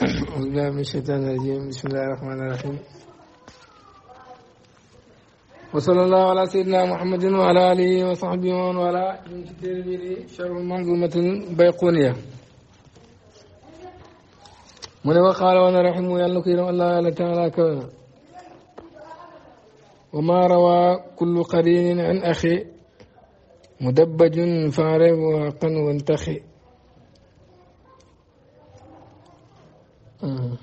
بالله من الشيطان الرجيم بسم الله الرحمن الرحيم وصلى الله على سيدنا محمد وعلى آله وصحبه ومن والاه من كتاب شر منظومة البيقونية من وقال وانا رحمه يالله كيرم الله تعالى كونا وما روى كل قرين عن أخي مدبج فارغ وقن وانتخي Mm.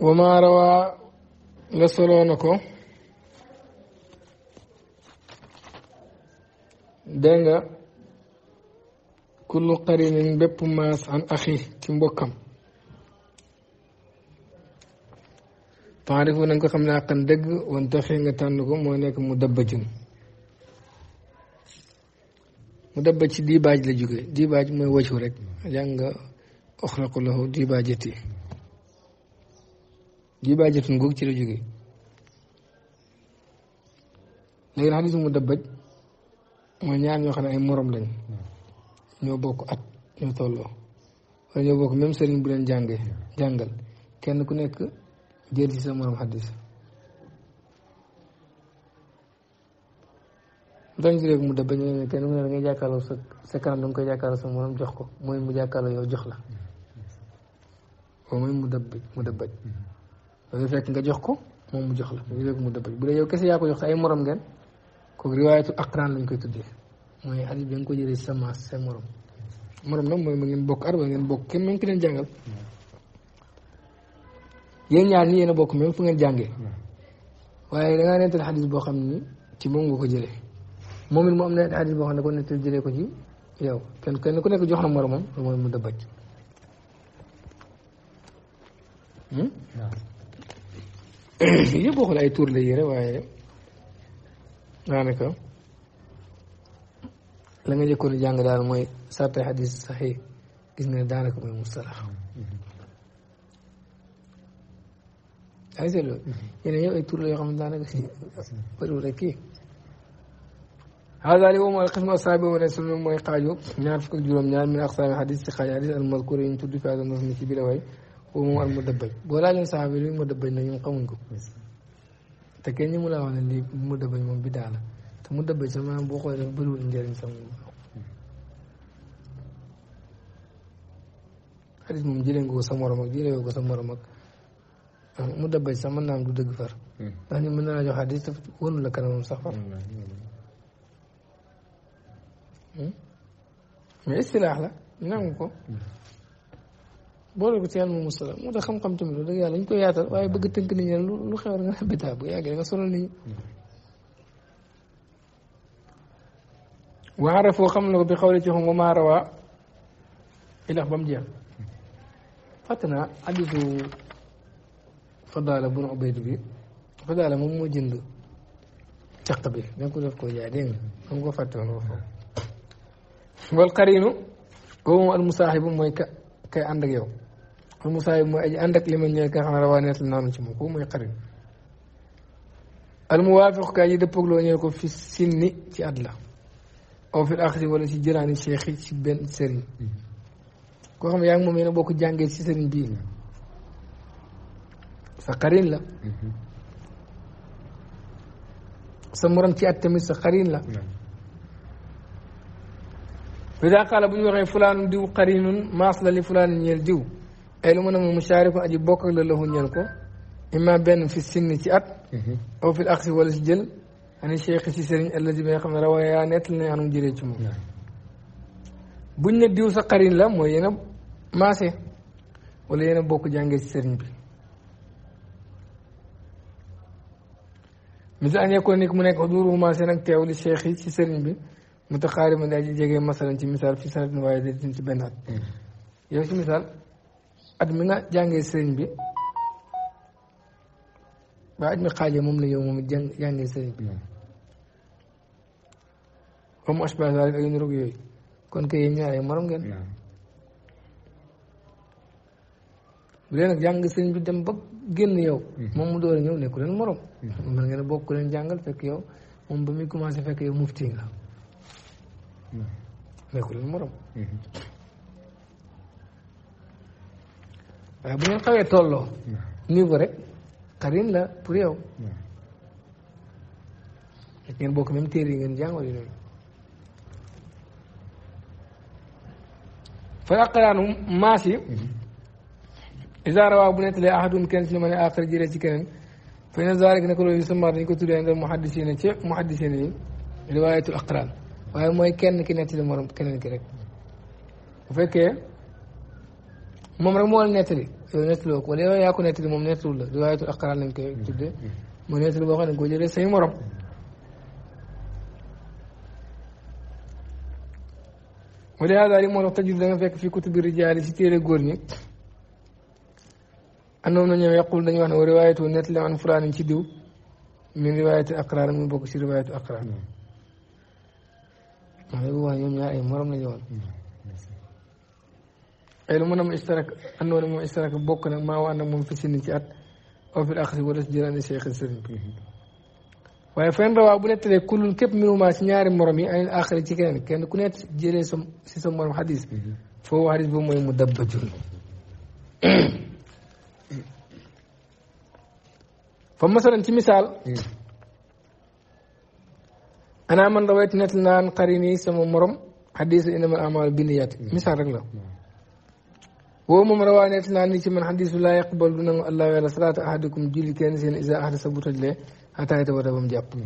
wama rawa nga soloo na ko dégg kullu qarinin bépp maas an axi ci mbokkam taarifu na nga ko xam ne àqan dëgg wan taxi nga tànn ko moo nekk mu dabbajun mu dabba ci diibaaj la jóge diibaaj mooy wëcu rek jàng nga oxlaqu lahu diibaajati diibaajatin googu ci la jóge léegi nag xadis mu dabbaj mooy ñaar ñoo xam ne ay morom lañ ñoo bokk at ñu tolloo wala ñoo bokk même sëriñ bu leen jàngee jàngal kenn ku nekk jël ci sa morom xadis dooñu si léegi mu dëbb ñu ne jàkkaarloo sa sa kanam da nga koy jàkkaarloo sa morom jox ko mooy mu jàkkaarloo yow jox la waaw mooy mu dëbb mu fekk nga jox ko moom mu jox la mu léegi mu dëbbaj bu dee yow kese yaa ko jox sa ay morom ngeen kooku riwaayatu aqraan lañ koy tuddee mooy hadis bi nga ko jëlee sa maas sa morom morom nag mooy ma ngeen bokk arba ngeen bokk kenn mën ki leen jàngal yéen ñaar ñi a bokk même fu ngeen jàngee hmm. waaye da ngaa nettali hadis boo xam ni ci moom nga ko jëlee moom it mu am na hadis boo xam ne ko nettali jëlee ko ci yow kenn kenn ku nekk jox na moromam loolu mooy mu dabaj yëpp waxul ay tuur la yére waaye daanaka la nga njëkkoon jàng daal mooy sarte xadis saxi gis nga ne daanaka mooy mustalax ay seetlu yeneen yow ay tuur la yoo xam ne daanaka bëriwul ak kii هذا اللي هو ما القسم الصابي وليس من ما يقال نعرف كل جمل من من أقسام الحديث الخيالي المذكور إن تدري في هذا النظم الكبير وهي هو المدبي ولا ينسى هذا اللي مدبي إنه ينقم تكيني ملا وانا اللي مدبي من بدالة تمدبي سما بوقو إذا بلو إن جاري نسمو حديث ممجلين قو سمو رمك جيري قو سمو رمك مدبي سما نعم دو دقفر يعني من الحديث ونو لكنا ممسخفر Hmm? mais istilaax la nangu ko boole ko ci yàlla moom mustala moo tax xam-xam tamit lu dëgg yàlla ñu koy yaatal waaye bëgg tënk nit ñi lu lu xew nga bitaa bu yàggee nga sonal nit ñi waarafoo xam na ko bi xawle ci xam rawaa ilax ba mu jeex fàtte naa hadiisu Fadaala bunu Ubayd bi Fadaala moom moo jënd caq bi da ko def koo jaay dégg nga da nga ko fàtte woon foofu wal xariinu kooku moom al mooy ka kay ànd yow al musaaxibu mooy aji ànd ak li ma ñëwee ka xam ne rawaa neetal naanu ci moom kooku mooy xariinu al muwaafiq ka aji dëppoog loo ko fi sinni ci at la aw fil axri wala ci jëlaani cheikh ci benn sëriñ koo xam yaa ngi moom yéen a bokk jàngee ci sëriñ bii sa xarin la mm-hmm. sa morom ci at tamit sa xarin la mm-hmm. ida qaala bu ñu waxee fulaanum diw qarinun maas la li fulaanin ñeel diw ay lu mu ne mu mushaariku aji bokk ak la lahu ñeel ko imma benn fi sinni ci at mm-hmm. aw fil aqsi wala si jël ani cheikh si sëriñ allazi bi nga xam ne rawaya nettali nañ anum jëlee ci moom buñ ne diw sa qarin la mooy yéen a maase wala yéen a bokk jàngee ci sëriñ bi misal an yekkoon ni mu nekk xuduuru maase nag teew li cheikh yi ci sëriñ bi mu tax xaari ma daal di jege masalan ci misaal fii sax waaye day dindi ci benn at. yow ci misaal at mi nga jàngee sëriñ bi waaye at mi xaajee moom la yow moom it jàng jàngee sëriñ bi. comme Ashba Sall morom ngeen. bu jàng sëriñ bi dem ba génn yow. moom mu door a ñëw nekku leen morom. mën ngeen a bokk leen jàngal fekk yow moom ba muy commencé fekk yow mufti nga. nekku leen morom mhm. waaye bu ngeen xawee tolloo mhm. niveau rek xarin la pour yow ak mhm. ngeen bokk même téere yi ngeen jàng wala yooyu fa aqraanu maas yi isa rawaa bu nettalee ahadum kenn si ne ma ne aqar jëlee ci keneen fa ne zaalik ne ko loolu yusammaa dañ ko tuddee ndal muhaddisiina ci muhaddisiina yi riwaayatul aqraan waaye mooy kenn ki nettali morom keneen ki rek bu fekkee moom rek moo la nettali yow nettaloo ko wala yow yaa nettali moom nettaliwul la riwaayatul aqraan lañ koy tuddee mooy nettali boo xam ne koo jëlee say morom wala yaa daal yi moo tax tajud da nga fekk fii kutubi rijaali si téere góor ñi andoom na ñoom yaqul dañuy wax ne wa riwaayatu nettali an fulaani ci diw min riwaayatul aqraan mu bokk si riwaayatul aqraan هو يا morom lañu woon ay lu mën a mu istarak andoo ne moom istarak bokk na maa waan na moom fi sinni ci at aw fil axri wala si jëlaani cheikh sëriñ waaye fen rawaa bu nettalee kullun képp minumaa si ñaari morom yi anil axri ci keneen kenn ku nett jëlee sa si sa morom xadis foofu xadis boobu mooy mu dabbatun fa masalan ci misaal ana man rawaytu net naan xarini sama morom xadiisu innamal amaalu binniyaat misaal rek la woo moom rawaa net naan ni ci man xadiisu laa yaqbal mu jàpp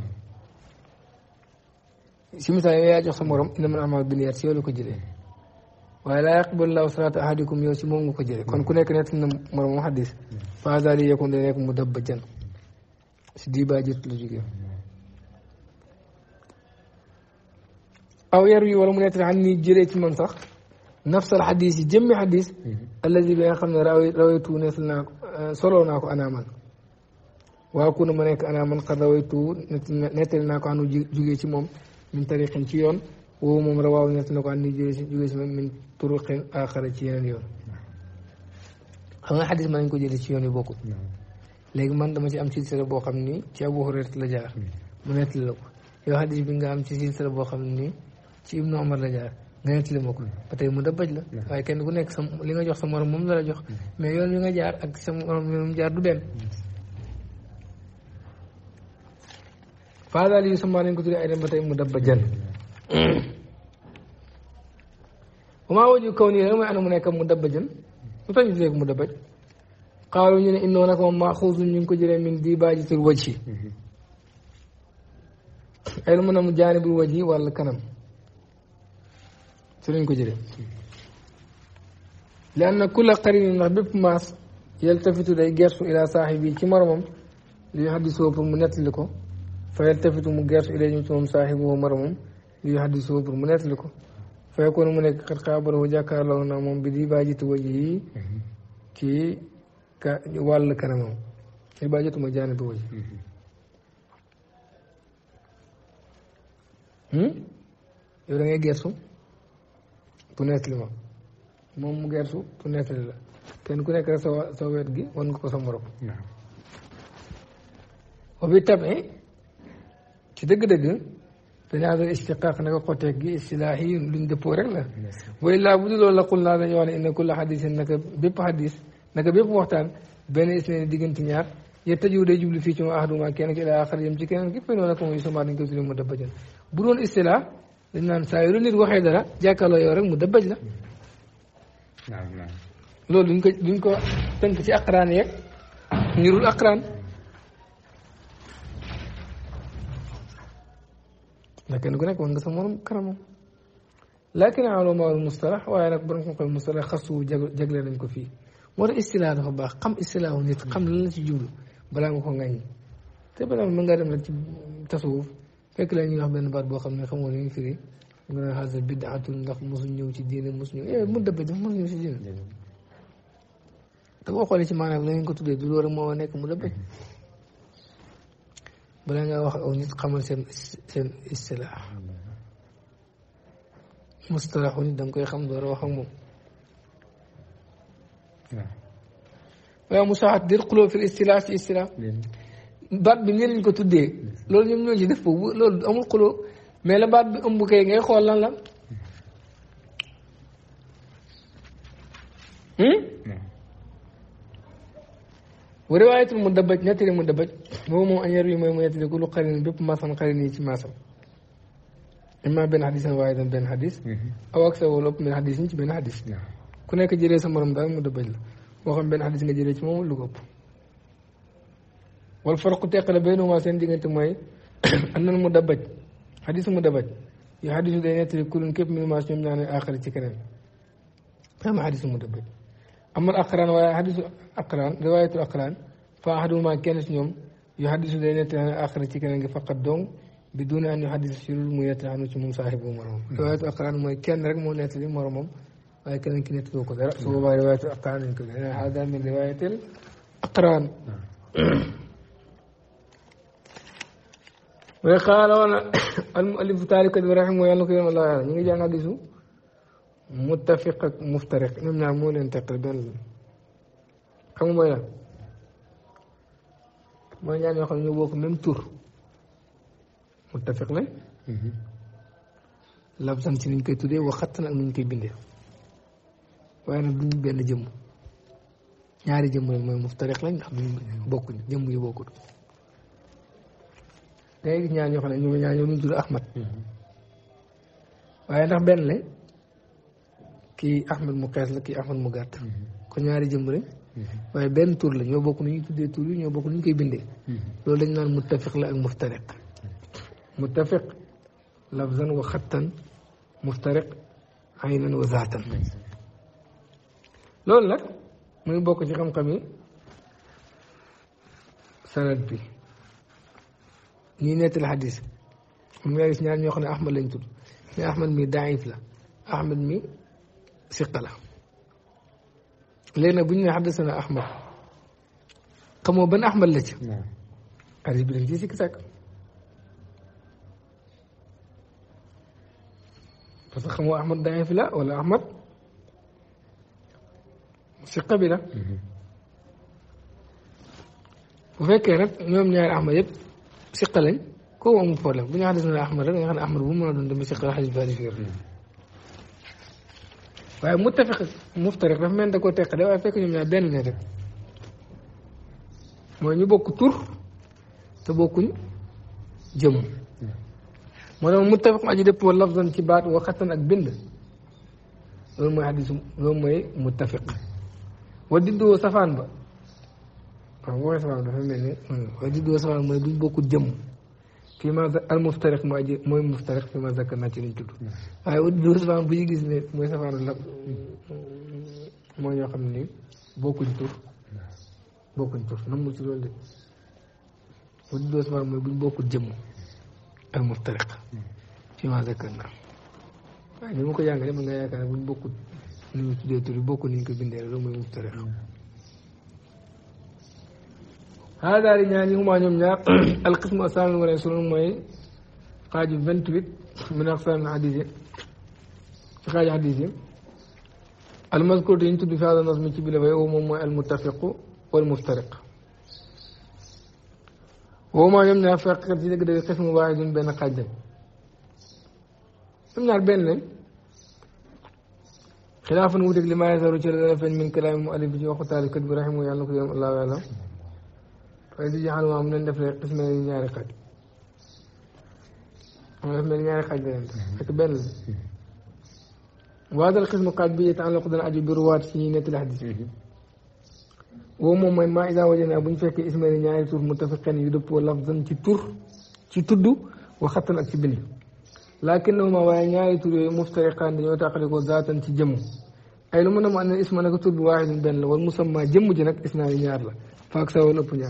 yaa jox sa morom innamal amaalu binniyaat si yow la ko jëlee waaye laa yaqbal allahu salaata ahadikum yow si moom nga ko jëlee kon ku nekk net na moromam xadiis fa haza li yakun da nekk mu si diibaa jot la jógee أو يروي ولم يتر عني جريت منسخ نفس الحديث جمي حديث الذي بين خمنا رويته نسلنا آه، سلوناك أنا من وأكون منك أنا من قد رويته نتلنا كانوا جريت مم من طريق شيون وهم رواه نتلناك عني جريت من طرق آخر شيون يون xam حديث ما نكو جريت ko jëlee لكن من yu bokkul léegi man dama ci am silsila boo xam ni ci Abu Hurayra la jaar mu ci ibnu omar la jaar nga ne tili mokkul ba tey mu dëbbaj la waaye kenn ku nekk sa li nga jox sa morom moom la la jox mm-hmm. mais yoon wi nga jaar ak sa morom moom jaar du benn mm-hmm. faadaal yu sama lañ ko tuddee ay dem mu dabbajan wa maa kaw nii mu nekk mu dabbajan lu tax mu dabbaj xaalu ñu ne innoo nag moom maa ñu ngi ko jëlee min di baajitul waj yi mm-hmm. ay lu mën a mu jaanibul waj yi wàllu kanam su ko jëlee li an na kulla xarin ndax bépp maas yaltafitu day gersu ila saaxibi ci moromam li yu xaddisoo pour mu nettali ko fa yaltafitu mu gersu ila ñu ci moom saaxiboo moromam li yu xaddisoo pour mu nettali ko fa yakkoon mu nekk xat xaabaroo jàkkaarloo na moom bi di baajitu waji yi ci ka wàll kanamam li baajitu ma jaane bi waji hmm? yow da ngay gersu pour nettali ma moom mu gertu pour nettali la kenn ku nekk rek sa sa wet gi wan nga ko sa morom obi tamit ci dëgg-dëgg danaa doon istiqaaq naka xoteeg gi istilaahi yi luñ dëppoo rek la wa laa bu dul loolu la qul naa dañu wax ne inna kulla xadisin naka bépp xadis naka bépp waxtaan benn isnaani diggante ñaar yettaju day jublu fii ci ma ahaduma kenn ki ilaa axar yem ci keneen ki fay noonu naka mooy sumaat dañ koy tudde mu dabbajan bu doon istilaa dañ naan saa yu nit waxee dara jàkkaarloo yow rek mu dëbbaj la loolu duñ ko duñ ko tënk ci aqraan yeeg ñurul aqraan ndax kenn ku nekk war nga sa morom karamam laakin ulamaul mustalax waaye nag borom xam-xam mustalax xasuwu jagle nañ ko fii moo tax istilaa dafa baax xam istilaahu nit xam lan la ci jublu balaa nga ko ŋàññi te balaa mën ngaa dem rek ci tasawuf fekk la ñuy wax benn baat boo xam ne xamoo ne firi nga ne xaasa bidaatun ndax mosuñ ñëw ci diine mosu ñëw yow mu dëbbe dafa mos ñëw ci diine te boo xoolee ci maanaam la ngeen ko tuddee du loo rek moo nekk mu dëbbe balaa ngaa wax aw nit xamal seen seen istilaax mustalaaxu nit da nga koy xam door a wax ak moom waaw musaat dir xuloo fi istilaax si istilaax baat bi ngeen ko tuddee loolu ñoom ñoo ci def boobu loolu amul xuloo mais la baat bi ëmb kay ngay xool lan la. Hmm? wa riwaayatul mu dabaj nettali mu dabaj boobu moom añeer bi mooy mu nettali ku lu xarin bépp maasan xarin yi ci maasam imma benn xadis a waaye dan benn xadis mhm. aw ak sa wala ëpp ci benn xadis ku nekk jëlee sa morom daal mu dabaj la boo xam benn xadis nga jëlee ci moom lu ko ëpp والفرق تقل بينهما سين دينت موي ان المدبج حديث المدبج يحدث دينة كل كيف من ما سيم نان اخر تي كنن كما حديث المدبج اما الاقران وهي حديث الاقران روايه الاقران فاحد ما كان سنم يحدث دينة اخر تي كنن فقط دون بدون ان يحدث سيرو مويت عنو سيم صاحب مروم روايه الاقران موي كان رك مو نيت لي مروم واي كنن كي نيت كو روايه هذا من روايه الاقران waaye xaaloon almuallifu taalikat bi raximu yàlla ko yërëm allah ñu ngi jàng a gisu muttafiq ak muftariq ñoom ñaar moo leen teqal benn la xam nga mooy mooy ñaar xam ne ñoo bokk même tur muttafiq lañ mhm. labsan si nuñ koy tuddee waxat ak nuñ koy bindee waaye jëmm ñaari jëmm lañ bokkuñ jëmm yu bokkut dangay ñaar ñoo xam ne ñu ngi ñaar ñoo ñu waaye ndax benn kii Ahmad mu xees la kii Ahmad mu gàtt mm-hmm. ko ñaari jëmm lañ mm-hmm. waaye benn tur la ñoo bokk nu ñuy tuddee tur yi ñoo bokk nu ñu koy bindee mm-hmm. loolu dañ naan muttafiq la ak muftariq muttafiq lafzan wa xattan muftariq aynan wa zaatan loolu nag muy bokk ci xam-xam yi sanad bi ñuy nettali xadis mu ngi gis ñaar ñoo xam ne Ahmad lañ tudd mais Ahmad mi daif la Ahmad mi siqa la léegi nag bu ñu nee xaddasana Ahmad xamoo ban Ahmad la ci. xadis bi dañ ciy sikki sàkk parce que xamoo Ahmad daif la wala Ahmad siqa bi la bu fekkee nag ñoom ñaari Ahmad yëpp. siqa lañ kooku amul problème bu ñu xadis na ahmad rek nga xam ne ahmad bu mën a doon dama siqal xadis bi xadis wér waaye muttafiq muftariq dafa mel da koo teq de waaye fekk ñoom ñaar benn lañ rek mooy ñu bokk tur te bokkuñ jëm moo tax muttafiq aji dëppoo lafzan ci baat waxatan ak bind loolu mooy xadis loolu mooy muttafiq wa diddoo safaan ba waaw mooy sabab dafa mel ne hmm. waaye di doo sabab mooy duñ bokkul jëmm fii ma al muftariq moo aji mooy muftariq fii ma zakk naa ci liñ tudd hmm. waaye ut doo sabab bu ñu gis ne mooy sabab la hmm. moo ñoo xam ni bokkuñ tur bokkuñ tur namul ci loolu de ut doo sabab mooy buñ bokkul jëmm al muftariq fii ma zakk naa waaye ni ma ko jàngalee mën nga yaakaar ne buñ bokkul ni ñu tuddee tur yi bokkul ni ñu ko bindee loolu mooy muftariq هذا رجال هما نم ياق القسم أسان والعشرون ماي قاج فنتويت من أقسام الحديث خارج الحديث المذكور دينتو بفي هذا النظم كبير ويوم هو المتفق والمفترق وما يمنع فرق زي قد قسم واحد بين قدم يمنع بين لي خلافا ودك لما يظهر جلالا من كلام المؤلف جو خطار الكتب رحمه يوم الله يعلم وإذ جعلنا من النفل قسمين نار قد من نار قد أكبر وهذا القسم قد بيتعلق دنا أجي برواة سينة الحديث ومو ما إذا وجدنا بن فك اسم نار تور متفقا يدب لفظا تور تتد وخطا أكبر لكنهما وهي نار مفترقان دنا يتعلق ذاتا تجمو ay lu mën a mu ànd isma naka tur bi waaxidun benn la wal musamma jëmm ji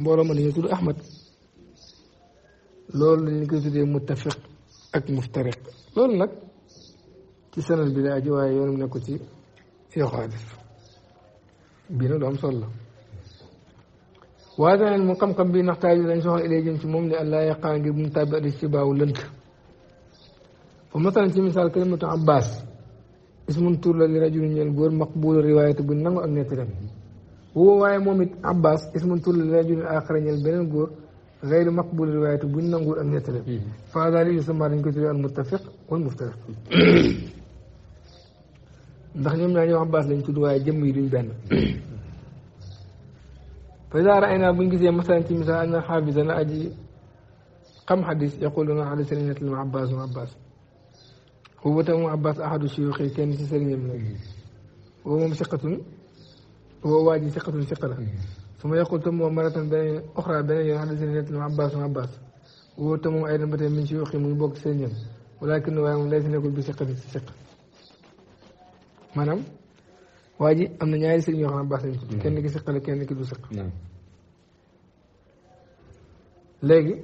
mbooloo ma dañoo tudd Ahmad loolu lañu koy tuddee ak muftariq loolu nag ci sanad bi la aji waaye yoonam nekku ci yoxaadis bii nag du la waaye tamit mu xam-xam bi ndax taaju dañ soxla ilay ci moom ne allah yaqaa mu tàbbi adi ci baawu fa masalan ci misaal kalimatu abbas ismun tur la li rajul ñeel góor maqbul riwaayatu bu nangu ak nekk dem woo waaye moom it abbas ismun tur la rajul axara ñel beneen góor gayru maqbul riwaayatu buñ nanguwul ak ñettale fadali yusamma dañ ko tuddee al muttafiq wal muftariq ndax ñoom ñaar ñoo abbas lañ tudd waaye jëmm yi duñ benn fa ida raayna buñ gisee masalan ci misaal anna xaafisa la aji xam xadis yaqulu na xadis lañ nettali ma abbas ma abbas xuba tamu abbas ahadu shuyuxi kenn ci sëriñam la woo moom siqatun وهو وادي ثقة من ثقلة ثم يقول تم مرة بني أخرى بني أحد سنينات من عباس من عباس وتم أيضا بني من شيوخ من بوك سنين ولكنه يعني ليس يقول بثقة في ثقة مانام وادي أمنا نعيس سنين يوخ عباس كان لك ثقة كان لك بثقة نعم. لكن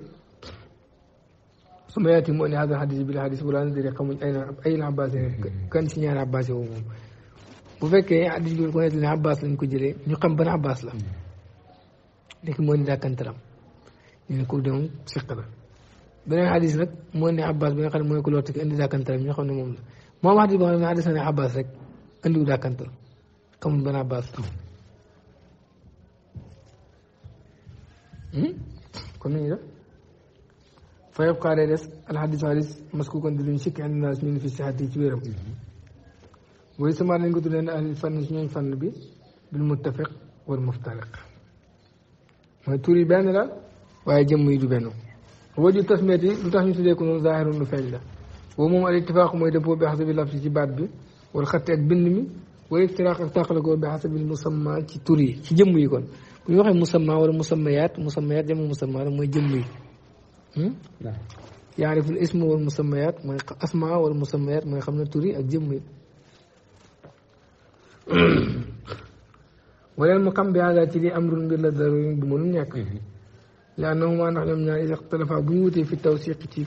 ثم يأتي مؤني هذا الحديث بالحديث ولا ندري قوم أين أين عباس كان سنين عباس هو bu fekkee addis bi ko nekk ne abbas lañ ko jëlee ñu xam ban abbas la léegi moo ne dàkkantaram ñu ne ko dem siq la beneen addis nag moo ne abbas bi nga xam ne mooy ko lool teg indi dàkkantaram ñu xam ne moom la moom addis boo xam ne addis na ne abbas rek indiwu dàkkantal xamul ban abbas kon ni ñu def fa yabqaa day des alxadis hadis maskuukan di luñ sikki indi naas ñu ne fi sixaati ci wéram ويسمعني سما نغوت لين اهل الفن شنو الفن بي بالمتفق والمفترق ما توري بان لا واي جيم يدو بنو وجه تسميتي لوتاخ ني تودي كون ظاهر لو فاج لا وموم الاتفاق موي بحسب الله في بات بي والخط اك بن مي والافتراق تخلقو بحسب المسمى تي توري في جيم يي كون مسمى ولا مسميات مسميات جيم مسمى موي جيم نعم. يعرف الاسم والمسميات ما اسماء والمسميات ما خمنا توري اك جيم Mm. wala mu xam bi amrun mbir la daruri bu mënul ñàkk laa na ma ndax ñoom ñaari sax talafa bu ñu wutee fi tawsiq ci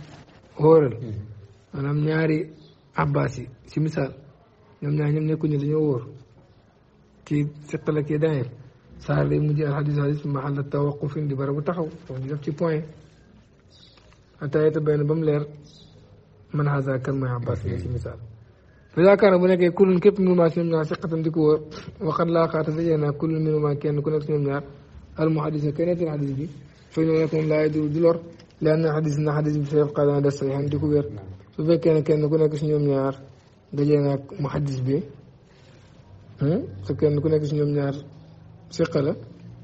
hóoral mm-hmm. maanaam ñaari abbas yi si misaal ñoom ñaar ñoom nekkuñu dañoo wóor kii siqala kii danger saar day mujj alxadis hadis mahalla tawaqufin di barabu taxaw wax di def ci point atayeta benn ba mu leer man haza kan mooy abbas si mm-hmm. misaal فذاك انا بنك كل كيف من ما سمع ثقة ديكو وقد لا تزين كل من ما كان كل من النار المحدث كان في الحديث دي فين يكون لا يدو دولار لان حديث ان حديث سيبقى لنا ده صحيح ديكو غير فبك كان كان كل نفس من النار دجينا محدث بي ها فكان كل نفس من النار ثقة لا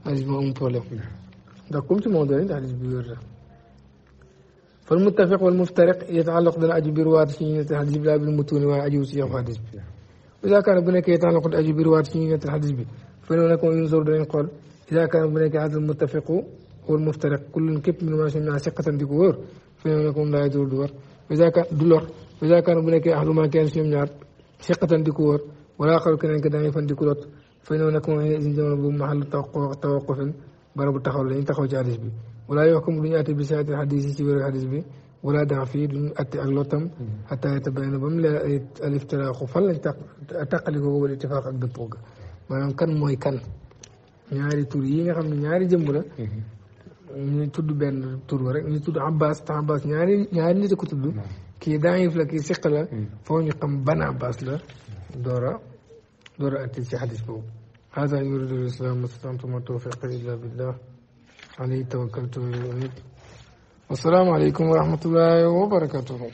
عايز ما هو بروبليم دا كنت مو داري حديث بيقول فالمتفق والمفترق يتعلق بالأجي بروات سنين تحدث بلا بالمتون وعجي وسيح وحدث بي وإذا كان بنك يتعلق بالأجي بروات سنين تحدث بي فإنه لكم ينظر دين قول إذا كان بنك هذا المتفق والمفترق كل كب من واسع ناسقة ذكور فإنه لكم لا يدور دور وإذا كان دولار وإذا كان ابنك أحد ما كان سيوم نار ثقة ذكور والآخر كان كدامي فان ذكورات فإنه لكم عند ذنب محل توقف توقف برب التخلين تخرج عليه wala yoo xam ne du ñu àtte bi si àtte xadis yi ci wér xadis bi wala daa fii du ñu àtte ak lottam. xataa yatabayyana ba mu leer al iftiraaxu fan lañ taq taqalikoo wala ittifaaq ak dëppoo ga maanaam kan mooy kan ñaari tur yi nga xam ne ñaari jëmm la. ñu tudd benn tur ba rek ñu tudd Abbas te Abbas ñaari ñaari nit a ko tudd. kii daayif la kii siq la. foo ñu xam ban Abbas la. door a door a àtte ci xadis boobu. haadaa yuriidu l-islaamu mastata'tu wa maa tawfiiqii illaa billaah alayhi tawakkaltu yooyu it wassalaamu aleykum wa rahmatullahi wa barakatuhu